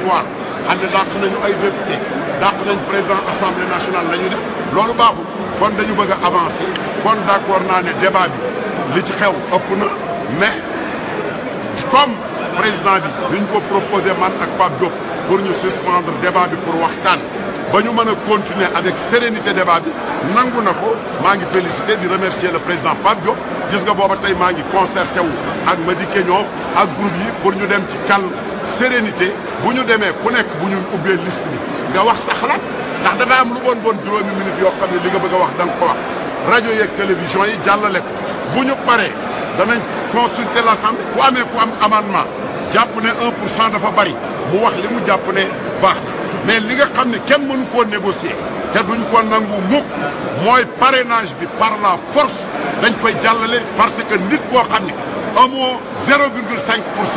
pouvoir xam ne président assemblée nationale la ñu def loolu quand kon dañu bëgg a avancer kon d'accord naa ne débat bi li ci xew ëpp na mais comme président bi liñ ko proposer man ak Pape Diop pour ñu suspendre débat bi pour waxtaan ba ñu continuer avec sérénité débat bi nangu na ko maa ngi féliciter di remercier le président Pape Diop gis nga booba tey maa ngi concerté wu ak Madické ñoom ak groupe yi pour ñu dem ci calme sérénité bu ñu ku nekk bu ñu liste nga wax sa ndax am lu bon bon juróomi minute yoo xam li nga bëgg wax ko wax télévision yi jàllale ko bu consulter l'assemblée bu amee ku am amendement jàpp 1 pour cent dafa bari mu wax li mais li nga xam ne kenn mënu négocier te duñ ko nangu mukk parrainage par la force dañ parce que nit koo xam ne amoo 0,5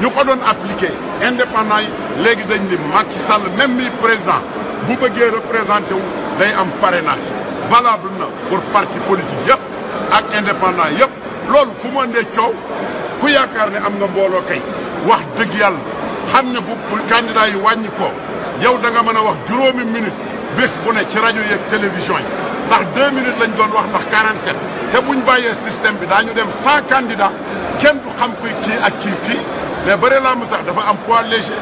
ñu ko doon appliqué indépendant yi dañ ni Macky Sall même mi président bu bëggee représenter wu day am parrainage valable pour parti politique yëpp ak indépendant yëpp loolu fu mu andee coow ku yaakaar ne am nga kay wax dëgg yàlla xam bu candidat yi wàññi ko yow da nga mëna wax juróomi minute bés bu ne ci radio yeeg télévision ndax 2 minutes lañ doon wax ndax 47 te buñ bayé système bi dañu dem 100 candidats kenn du xam kuy ki ak ki kii mais bëre làmb sax dafa am poids léger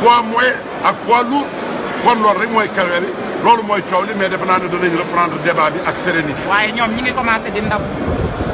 poids moyen ak poids lourd kon loolu rek mooy carrière loolu mooy coow li mais defe naa ne danañ reprendre débat bi ak sérénité. waaye ñoom ñi ngi commencé di ndaw.